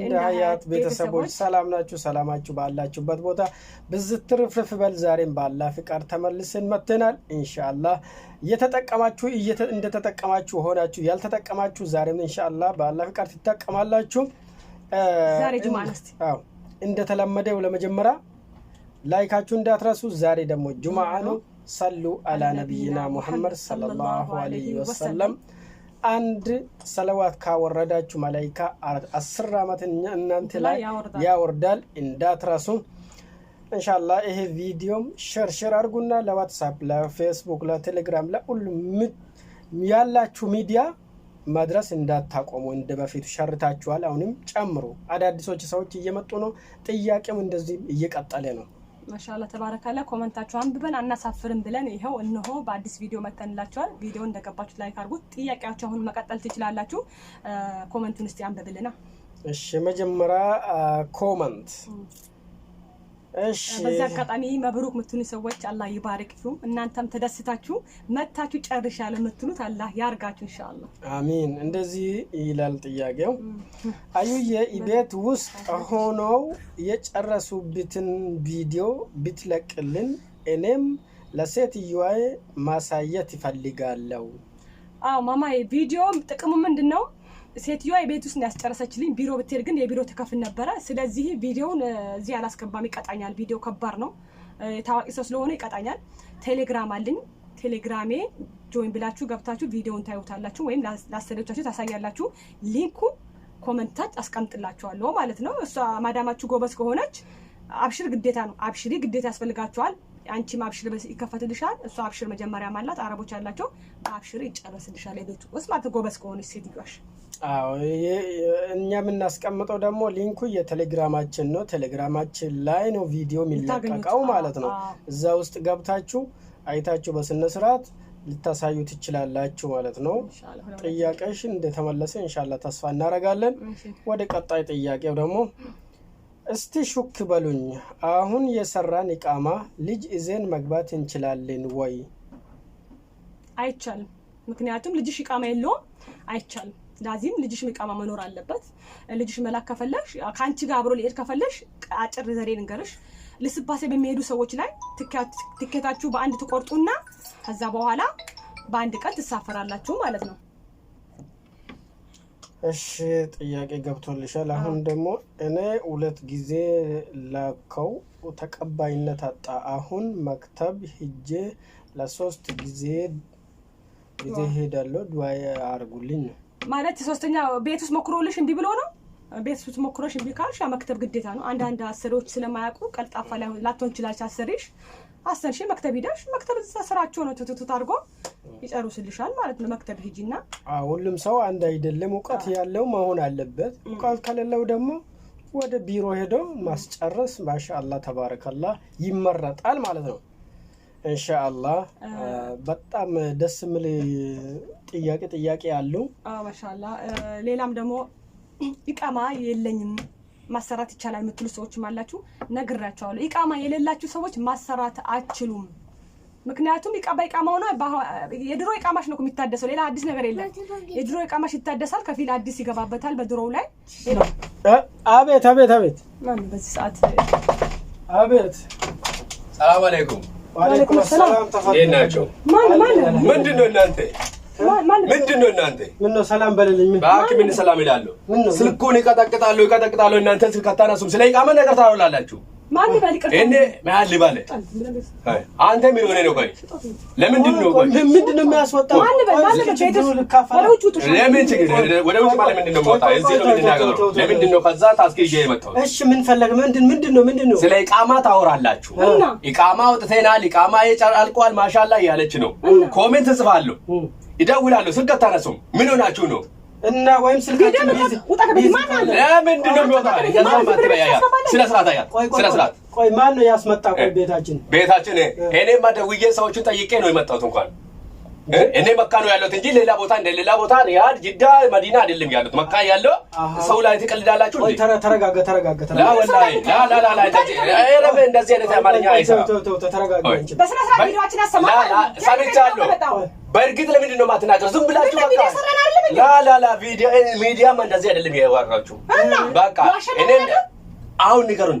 እንደ ሀያት ቤተሰቦች ሰላም ናችሁ? ሰላማችሁ ባላችሁበት ቦታ ብዝት ትርፍርፍ በል። ዛሬም ባላ ፍቃድ ተመልሰን መጥተናል። እንሻላ እየተጠቀማችሁ እንደተጠቀማችሁ ሆናችሁ ያልተጠቀማችሁ ዛሬም እንሻላ ባላ ፍቃድ ትጠቀማላችሁ። እንደተለመደው ለመጀመሪያ ላይካችሁ እንዳትረሱ። ዛሬ ደግሞ ጁማአ ነው። ሰሉ አላ ነቢይና ሙሐመድ ሰለላሁ አለይሂ ወሰለም አንድ ሰለዋት ካወረዳችሁ መላይካ አስር ዓመት እናንተ ላይ ያወርዳል። እንዳትረሱ እንሻላ። ይሄ ቪዲዮም ሸርሸር አድርጉና ለዋትሳፕ፣ ለፌስቡክ፣ ለቴሌግራም ለሁሉም ያላችሁ ሚዲያ መድረስ እንዳታቆሙ። እንደ በፊቱ ሸርታችኋል። አሁንም ጨምሩ። አዳዲሶች ሰዎች እየመጡ ነው። ጥያቄም እንደዚህ እየቀጠለ ነው። ማሻላ ተባረካለ። ኮመንታችሁ አንብበን አናሳፍርም ብለን ይኸው እነሆ በአዲስ ቪዲዮ መተንላችኋል። ቪዲዮ እንደገባችሁ ላይክ አድርጉት። ጥያቄያችሁ አሁን መቀጠል ትችላላችሁ። ኮመንቱን እስቲ አንብብልና። እሺ መጀመሪያ ኮመንት በዚህ አጋጣሚ መብሩክ የምትሉ ሰዎች አላህ ይባርክችሁ። እናንተም ተደስታችሁ መታችሁ ጨርሻል የምትሉት አላህ ያርጋችሁ ኢንሻአላህ። አሚን። እንደዚህ ይላል ጥያቄው። አዩዬ ኢቤት ውስጥ ሆነው የጨረሱብትን ቪዲዮ ብትለቅልን እኔም ለሴትዮዋ ማሳየት ይፈልጋለሁ። አዎ ማማዬ፣ ቪዲዮ ጥቅሙ ምንድን ነው? ሴትዮዋ የቤት ውስጥ ያስጨረሰችልኝ ቢሮ ብትሄድ ግን የቢሮ ትከፍል ነበረ። ስለዚህ ቪዲዮውን እዚህ አላስገባም፣ ይቀጣኛል። ቪዲዮ ከባድ ነው፣ ታዋቂ ሰው ስለሆነ ይቀጣኛል። ቴሌግራም አለኝ። ቴሌግራሜ ጆይን ብላችሁ ገብታችሁ ቪዲዮውን ታዩታላችሁ፣ ወይም ላሰደቻችሁ ታሳያላችሁ። ሊንኩ ኮመንታች አስቀምጥላችኋለሁ ማለት ነው። እሷ ማዳማችሁ ጎበዝ ከሆነች አብሽር ግዴታ ነው፣ አብሽሪ ግዴታ ያስፈልጋችኋል። አንቺ ማብሽር ይከፈትልሻል። እሷ አብሽር መጀመሪያ ማላት አረቦች ያላቸው በአብሽር ይጨረስልሻል። የቤቱ ውስጥ ማለት ጎበዝ ከሆነች ሴትዮሽ። አዎ እኛ የምናስቀምጠው ደግሞ ሊንኩ የቴሌግራማችን ነው። ቴሌግራማችን ላይ ነው ቪዲዮ የሚለቀቀው ማለት ነው። እዛ ውስጥ ገብታችሁ አይታችሁ በስነ ስርዓት ልታሳዩ ትችላላችሁ ማለት ነው። ጥያቄሽ እንደተመለሰ እንሻላ ተስፋ እናደርጋለን። ወደ ቀጣይ ጥያቄው ደግሞ እስቲ ሹክ በሉኝ፣ አሁን የሰራን ኢቃማ ልጅ ይዘን መግባት እንችላለን ወይ? አይቻልም። ምክንያቱም ልጅሽ ኢቃማ የለውም፣ አይቻልም። ስለዚህም ልጅሽ ኢቃማ መኖር አለበት። ልጅሽ መላክ ከፈለሽ ከአንቺ ጋር አብሮ ሊሄድ ከፈለሽ አጭር ዘሬ ንገርሽ ልስባሴ በሚሄዱ ሰዎች ላይ ትኬታችሁ በአንድ ትቆርጡና ከዛ በኋላ በአንድ ቀን ትሳፈራላችሁ ማለት ነው። እሺ ጥያቄ ገብቶልሻል። አሁን ደግሞ እኔ ሁለት ጊዜ ላከው ተቀባይነት አጣ። አሁን መክተብ ሂጄ ለሶስት ጊዜ ጊዜ ሄዳለሁ። ዱዓዬ አርጉልኝ ነው ማለት ሶስተኛ ቤት ውስጥ ሞክሮልሽ እንዲህ ብሎ ነው። ቤት ውስጥ ሞክሮሽ እንዲህ ካልሽ መክተብ ግዴታ ነው። አንዳንድ አሰሪዎች ስለማያውቁ ቀልጣፋ ላትሆን ይችላል አሰሪሽ አስር ሺህ መክተብ ሂደሽ መክተብ ስራቸው ነው ትትቱት አድርጎ ይጨርሱልሻል ማለት ነው። መክተብ ሂጂና ሁሉም ሰው አንድ አይደለም። እውቀት ያለው መሆን አለበት። እውቀት ከሌለው ደግሞ ወደ ቢሮ ሄዶ ማስጨረስ ማሻአላ ተባረከላ ይመረጣል ማለት ነው። እንሻአላ በጣም ደስ የሚል ጥያቄ ጥያቄ አለው። ማሻላ ሌላም ደግሞ ይቀማ የለኝም ማሰራት ይቻላል የምትሉ ሰዎችም አላችሁ፣ ነግራችኋለሁ። ኢቃማ የሌላችሁ ሰዎች ማሰራት አትችሉም። ምክንያቱም ይቃማ ሆኖ የድሮ ይቃማሽ ነው የሚታደሰው፣ ሌላ አዲስ ነገር የለም። የድሮ ይቃማሽ ይታደሳል፣ ከፊል አዲስ ይገባበታል። በድሮው ላይ አቤት አቤት አቤት፣ ማን በዚህ ሰዓት አቤት። ሰላም አለይኩም። ወአለይኩም ሰላም። ናቸው ማን ማን ምንድን ነው እናንተ ምንድን ነው እናንተ? ምነው ሰላም በልልኝ። ምን እባክህ፣ ምን ሰላም እላለሁ? ስልኩን ይቀጠቅጣለሁ ይቀጠቅጣለሁ። እናንተ ስልክ አታነሱም። ስለ ይቃመን ነገር ታውላላችሁ። አንተ ምን ሆነ ነው? ቆይ ለምንድን ነው ምንድን ነው የሚያስወጣው? ለምን ችግር ወደ ውጭ ማለት ምንድን ነው? ወጣ እዚህ ነው የምንናገረው። ለምንድን ነው ከዛ ታስኬ ይዤ እሺ ምን ፈለግ? ምንድን ምንድን ነው ምንድን ነው? ስለ ኢቃማ ታወራላችሁ። ኢቃማ አውጥተናል። ኢቃማ አልቋል ማሻአላ እያለች ነው። ኮሜንት እጽፋለሁ ይደውላሉ። ስልክ አታነሱም። ምን ሆናችሁ ነው? እና ወይም ስልካችሁ ቢዚ ለምንድን ነው ቤታችን ቤታችን እኔማ ደውዬ ሰዎቹን ጠይቄ ነው የመጣሁት እንኳን እኔ መካ ነው ያለሁት እንጂ ሌላ ቦታ እንደ ሌላ ቦታ ሪያድ፣ ጅዳ፣ መዲና አይደለም ያሉት። መካ ያለው ሰው ላይ ትቀልዳላችሁ እንዴ? ተረጋጋ፣ ተረጋጋ፣ ረበ እንደዚህ አይነት ቪዲዮአችን በእርግጥ ለምንድን ነው የማትናገር? ዝም ብላችሁ በቃ ላ ሚዲያማ እንደዚህ አይደለም ያወራችሁ። በቃ እኔ አሁን ንገሩን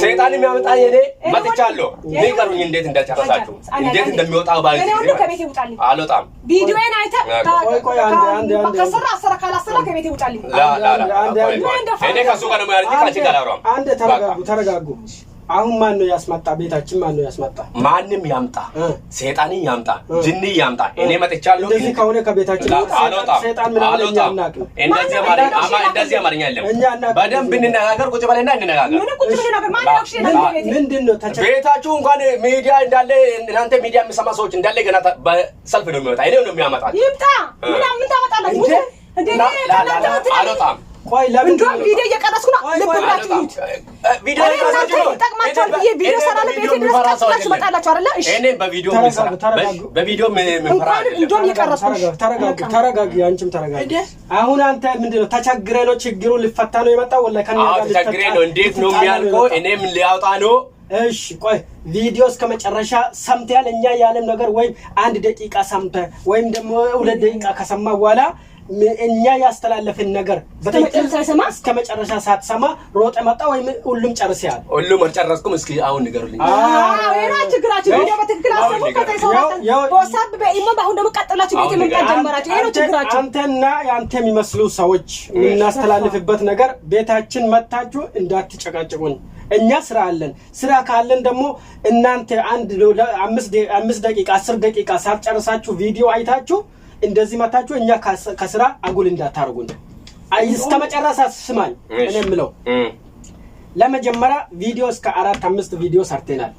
ሰይጣን የሚያመጣ የኔ መጥቻለሁ። ይቀሩኝ እንዴት እንዳጨረሳችሁ እንዴት እንደሚወጣ ባል እኔ ከቤት ይውጣልኝ። አልወጣም። ቪዲዮዬን አይተ ከስራ አስራ ካላስራ ከቤት ይውጣልኝ። እኔ ከሱ ጋር ነው ያለኝ። አንድ ተረጋጉ፣ ተረጋጉ አሁን ማን ነው ያስመጣ? ቤታችን ማን ነው ያስመጣ? ማንም ያምጣ፣ ሰይጣን ያምጣ፣ ጅኒ ያምጣ፣ እኔ መጥቻለሁ። እንደዚህ ከሆነ ከቤታችን ሰይጣን ምን አለ? እንደዚህ አማርኛ አማ እንደዚህ አማርኛ የለም። በደንብ እንነጋገር፣ ቁጭ ብለና እንነጋገር። ምንድን ነው ቤታችሁ? እንኳን ሚዲያ እንዳለ እናንተ ሚዲያ የሚሰማ ሰዎች እንዳለ ገና በሰልፍ ነው የሚወጣ። እኔ ነው የሚያመጣ። ይምጣ። ምን ምን ታመጣለህ? እንዴ አልወጣም ቆይ ለምን እንደውም ቪዲዮ እየቀረስኩ ነው። ልብ ብላችሁ ይዩት። ቪዲዮ እየቀረስኩ ብዬ ቪዲዮ ሰራለሁ። ቤቴ ድረስ ቀጥላችሁ እመጣላችሁ አይደለ? እንኳን እንደውም እየቀረስኩ ነው። አንቺም ተረጋጋ። አሁን አንተ ምንድነው ተቸግሬ ነው ችግሩ ሊፈታ ነው የመጣው ወላ ከኔ ጋር ልፈታ ነው። እንዴት ነው የሚያልቀው? እኔም ሊያውጣ ነው። እሺ ቆይ ቪዲዮ እስከ መጨረሻ ሰምተያል። እኛ ያለም ነገር ወይም አንድ ደቂቃ ሰምተ ወይም ደግሞ ሁለት ደቂቃ ከሰማ በኋላ እኛ ያስተላለፍን ነገር እስከ መጨረሻ ሳትሰማ ሮጠ መጣ ወይም ሁሉም ጨርስ ያል ሁሉም አልጨረስኩም። እስኪ አሁን ንገሩልኝ። ችግራችሁ የአንተ የሚመስሉ ሰዎች የምናስተላልፍበት ነገር ቤታችን መታችሁ እንዳትጨቃጭቁን። እኛ ስራ አለን። ስራ ካለን ደግሞ እናንተ አንድ አምስት ደቂቃ አስር ደቂቃ ሳትጨርሳችሁ ቪዲዮ አይታችሁ እንደዚህ መታችሁ እኛ ከስራ አጉል እንዳታርጉን። እስከ መጨረሻ ስማኝ። እኔ የምለው ለመጀመሪያ ቪዲዮ እስከ አራት አምስት ቪዲዮ ሰርተናል።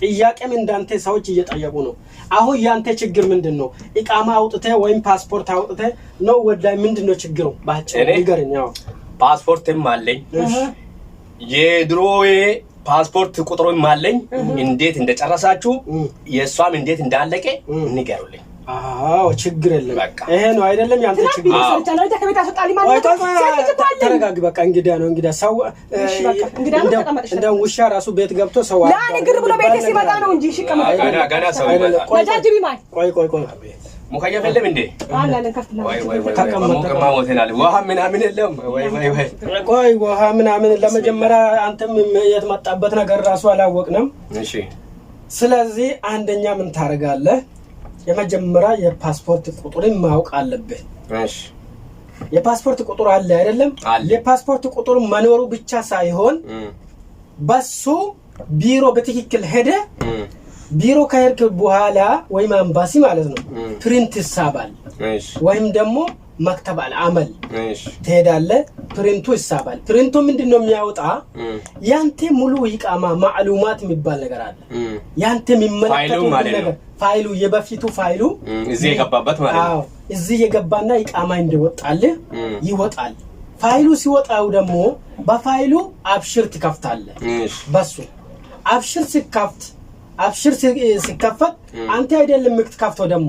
ጥያቄም እንዳንተ ሰዎች እየጠየቁ ነው። አሁን ያንተ ችግር ምንድን ነው? እቃማ አውጥተ ወይም ፓስፖርት አውጥተ ነው ወዳይ ምንድን ነው ችግሩ? ባጭሩ ንገረኝ። ፓስፖርትም አለኝ የድሮዬ ፓስፖርት ቁጥሮም አለኝ። እንዴት እንደጨረሳችሁ የእሷም እንዴት እንዳለቀ ንገሩልኝ። አዎ ችግር የለም። በቃ ይሄ ነው አይደለም? ያንተ ችግር ነው። ተረጋግ። በቃ እንግዳ ነው እንግዳ ሰው እንደውም ውሻ ራሱ ቤት ገብቶ ሰው ግር ብሎ ቤት ሲመጣ ነው እንጂ ቆይ ቆይ ቆይ ሙቀኛ የለም እንዴ? ውሃ ምናምን የለም? ቆይ ውሃ ምናምን ለመጀመሪያ አንተም የት መጣበት ነገር ራሱ አላወቅንም። ስለዚህ አንደኛ ምን ታደርጋለህ? የመጀመሪያ የፓስፖርት ቁጥርን ማወቅ አለብህ። የፓስፖርት ቁጥር አለ አይደለም? የፓስፖርት ቁጥር መኖሩ ብቻ ሳይሆን በሱ ቢሮ በትክክል ሄደ ቢሮ ከሄድክ በኋላ ወይም አምባሲ ማለት ነው ፕሪንት ይሳባል ወይም ደግሞ መክተብ አመል ትሄዳለህ። ፕሪንቱ ይሳባል። ፕሪንቱ ምንድን ነው የሚያወጣ? ያንተ ሙሉ ይቃማ ማዕሉማት የሚባል ነገር አለ። ያንተ የሚመለከቱ ነገር ፋይሉ የበፊቱ ፋይሉ እዚህ የገባበት ማለት ነው። እዚህ የገባና ይቃማ እንደወጣልህ ይወጣል። ፋይሉ ሲወጣው ደግሞ በፋይሉ አብሽር ትከፍታለ በሱ አብሽር ሲከፍት አብሽር ሲከፈት አንተ አይደለም የምትከፍተው ደግሞ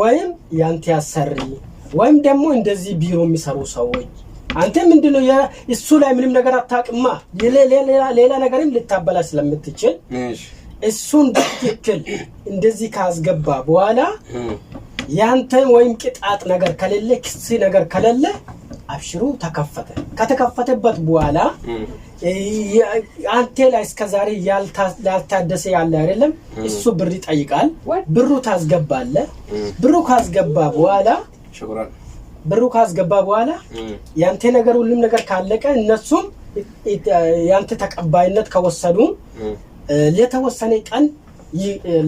ወይም ያንተ ያሰሪ ወይም ደግሞ እንደዚህ ቢሮ የሚሰሩ ሰዎች አንተ ምንድነው እሱ ላይ ምንም ነገር አታውቅማ። ሌላ ነገርም ልታበላ ስለምትችል እሱን በትክክል እንደዚህ ካስገባ በኋላ ያንተ ወይም ቅጣት ነገር ከሌለ ክስ ነገር ከሌለ አብሽሩ ተከፈተ። ከተከፈተበት በኋላ አንቴ ላይ እስከዛሬ ያልታደሰ ያለ አይደለም እሱ ብር ይጠይቃል። ብሩ ታስገባለ። ብሩ ካስገባ በኋላ ብሩ ካስገባ በኋላ ያንተ ነገር ሁሉም ነገር ካለቀ እነሱም ያንተ ተቀባይነት ከወሰዱ ለተወሰነ ቀን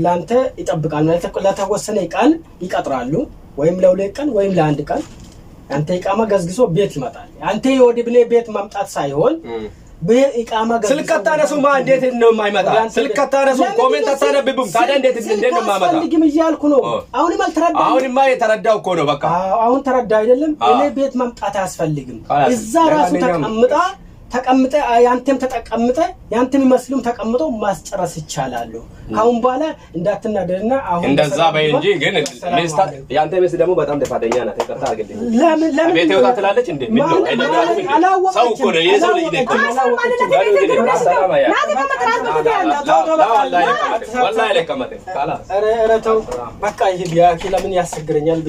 ለአንተ ይጠብቃል። ለተወሰነ ቀን ይቀጥራሉ፣ ወይም ለሁለት ቀን ወይም ለአንድ ቀን አንተ ይቃማ ገዝግሶ ቤት ይመጣል። አንተ የወደ ቤት መምጣት ሳይሆን ስልክ አታነሱማ። እንዴት ነው የማይመጣ? ስልክ አታነሱ፣ ኮሜንት አታነብብም። ታዲያ እንዴት እንዴት ነው የማይመጣ? እያልኩ ነው። አሁንም አልተረዳሁም። አሁንማ የተረዳው እኮ ነው። በቃ አሁን ተረዳ አይደለም። እኔ ቤት መምጣት አያስፈልግም። እዛ ራሱ ተቀምጣ ተቀምጠ ያንተም ተጠቀምጠ ያንተም መስሉም ተቀምጦ ማስጨረስ ይቻላሉ። ካሁን በኋላ እንዳትናደድና አሁን እንደዛ በይ እንጂ ግን ያንተ ሚስት ደግሞ በጣም ደፋደኛ ናት። ተቀጣ አርግልኝ። ለምን ለምን ቤት ወጣ ትላለች እንዴ? ምን ነው ሰው እኮ ነው የሰው ልጅ ነው። ለምን ያስቸግረኛል